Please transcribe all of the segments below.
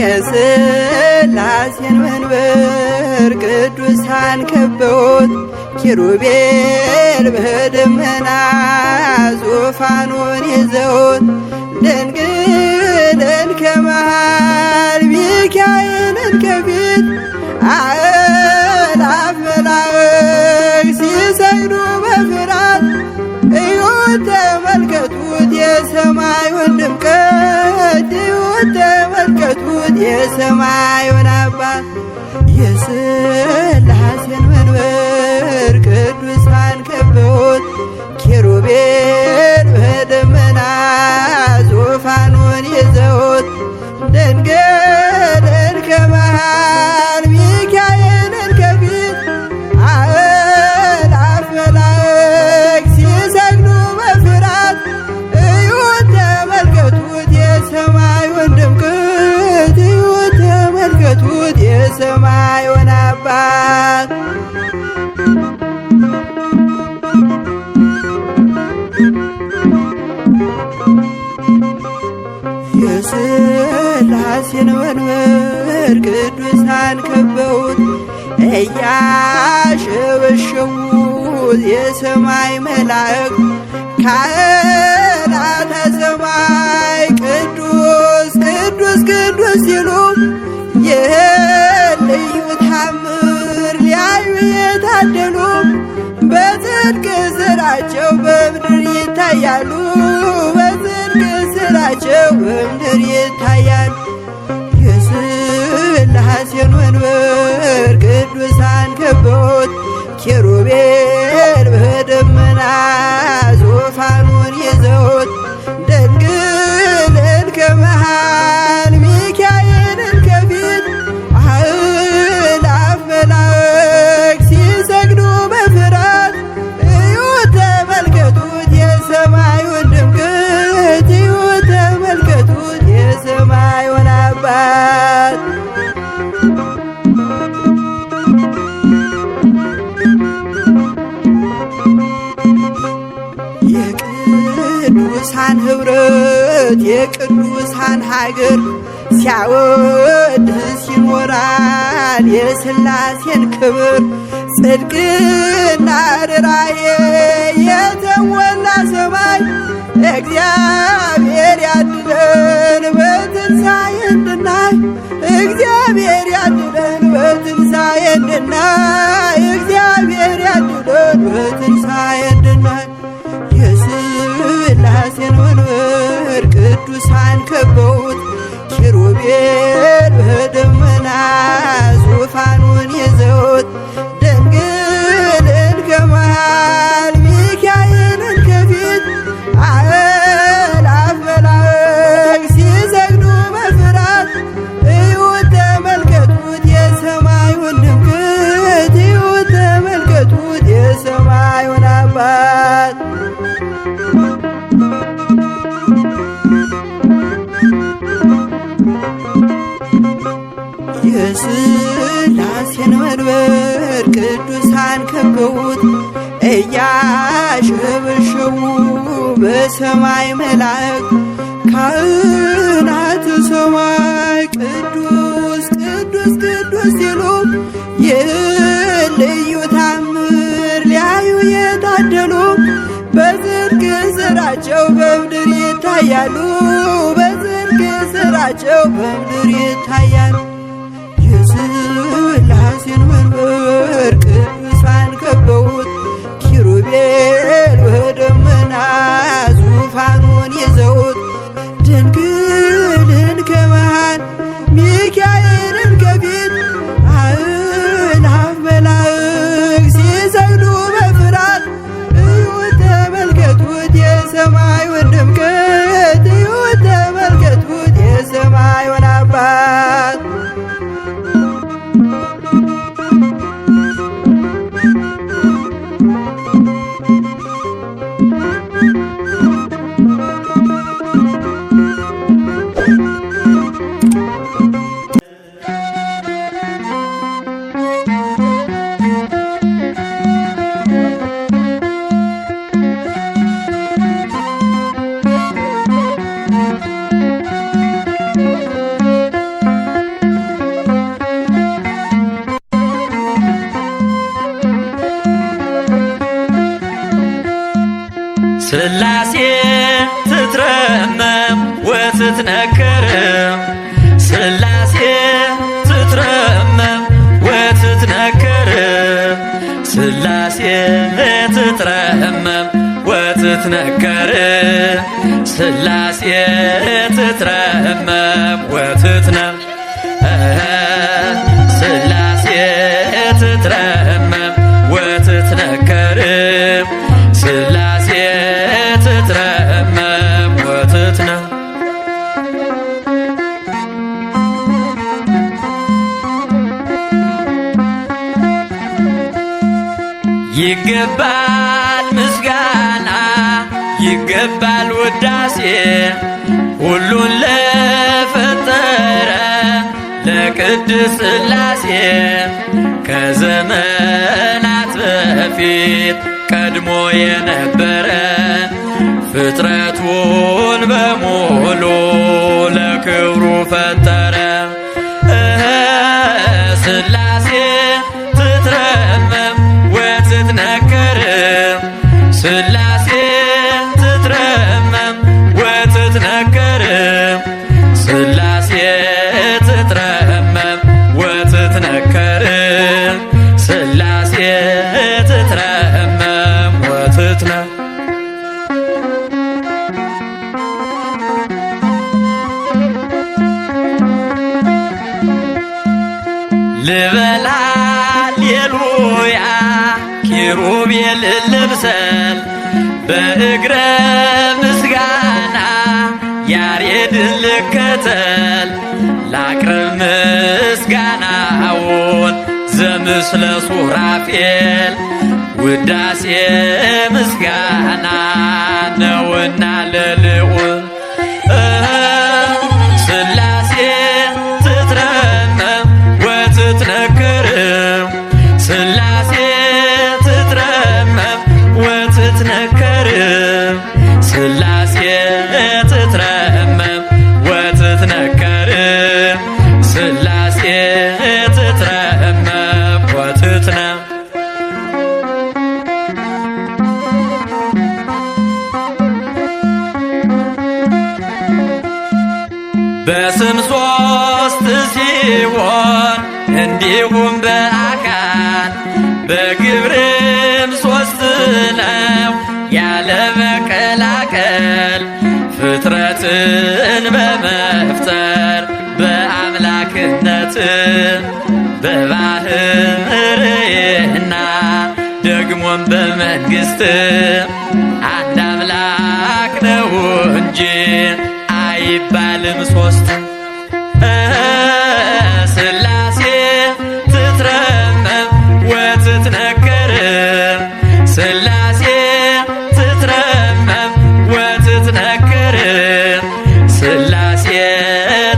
የሥላሴን መንበር ቅዱሳን ከበውት ኪሩቤል በደመና ዙፋኑን ይዘውት ድንግልን ከመሃል ሚካኤልን ከፊት አእላፍ መላእክት ሲሰግዱ በፍራት እዩ ተመልከቱት የሰማይ ድም የሰማዩን አባት የሥላሴን መንበር ቅዱሳን ከበውት ኪሩቤል እያሸበሸቡት የሰማይ መላእክት ካህናተ ሰማይ ቅዱስ ቅዱስ ቅዱስ ሲሉ የልዩ ታምር ሊያዩ የታደሉ በጽድቅ ስራቸው በምድር ይታያሉ። በጽድቅ ስራቸው በምድር ይታያሉ። የስላሴን መንበር ኪሩቤ ቅዱሳን ሀገር ሲያወድ ይኖራል የስላሴን ክብር ጽድቅና ርራዬ የተወላ ሰማይ እግዚአብሔር ያድለን በትንሣኤ እንድናይ እግዚአብሔር ያድለን በትንሣኤ እንድናይ ቅዱሳን ከበውት ኪሩቤል በደመና ዙፋኑን ይዘውት ደንግል እልገማ የሥላሴን መንበር ቅዱሳን ከበውት እያሸበሸቡ በሰማይ መላእክት ካህናተ ሰማይ ቅዱስ ቅዱስ ቅዱስ ሲሉ የልዩ ታምር ሊያዩ የታደሉ በዝርግ ስራቸው በምድር ይታያሉ በዝርግ ስራቸው በምድር ይታያሉ። የቅዱሳትን መንበር ቅዱሳን ከበውት ኪሩቤል በደመና ዙፋኑን ይዘውት ስላሴ ትትረመም ወትትነከር ስላሴ ትትረመም ወትትነከር ስላሴ ትትረመም ወትትነከር ስላሴ ትትረመም ወትትነ ይገባል ምስጋና ይገባል ውዳሴ ሁሉን ለፈጠረ ለቅድስ ሥላሴ ከዘመናት በፊት ቀድሞ የነበረ ፍጥረቱን በሙሉ ለክብሩ ፈጠረ። ልበላ ሌሉያ ኪሩቤል ልብሰል በእግረ ምስጋና ያሬድን ልከተል ላቅርብ ምስጋናውን ዘምስለ ሱራፌል ውዳሴ ምስጋና ነውና በስም ሶስት ሲሆን እንዲሁም በአካል በግብርም ሶስት ነው ያለ መቀላቀል ፍጥረትን በመፍጠር በአምላክነት በባህርና ደግሞም በመንግሥት ትነክር ስላሴ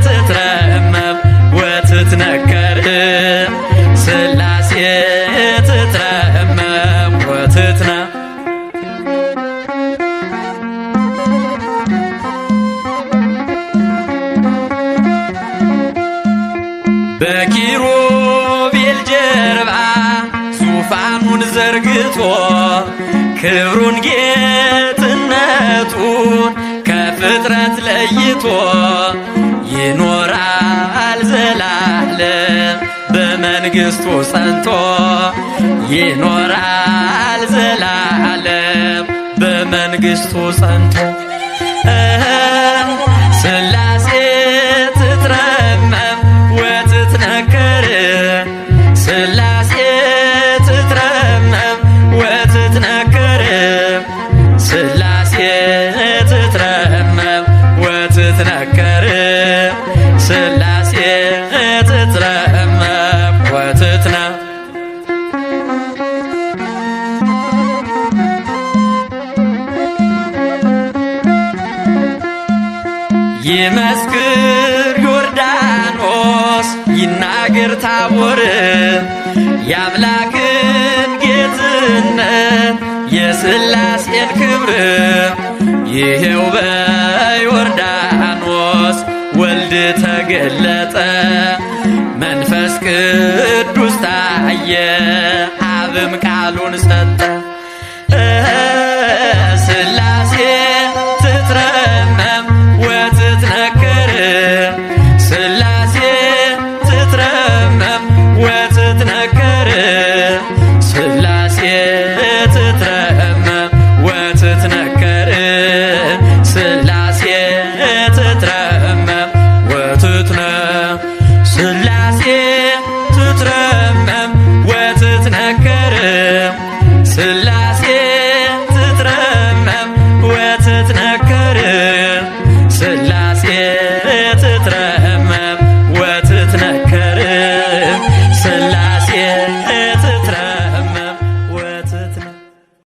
ትትረመም ወትትነከር ስላሴ ትትረመም ወትትነ በኪሩ ዙፋኑን ዘርግቶ ክብሩን ጌትነቱን ከፍጥረት ለይቶ ይኖራል ዘላለም በመንግስቱ ጸንቶ ይኖራል ዘላለም በመንግስቱ ጸንቶ ስላሴ ትትረእመ ወትትነ ይመስክር ዮርዳኖስ ይናገር ታቦር የአምላክን ጌትነት የስላሴን ክብር ይሄው በ ገለጠ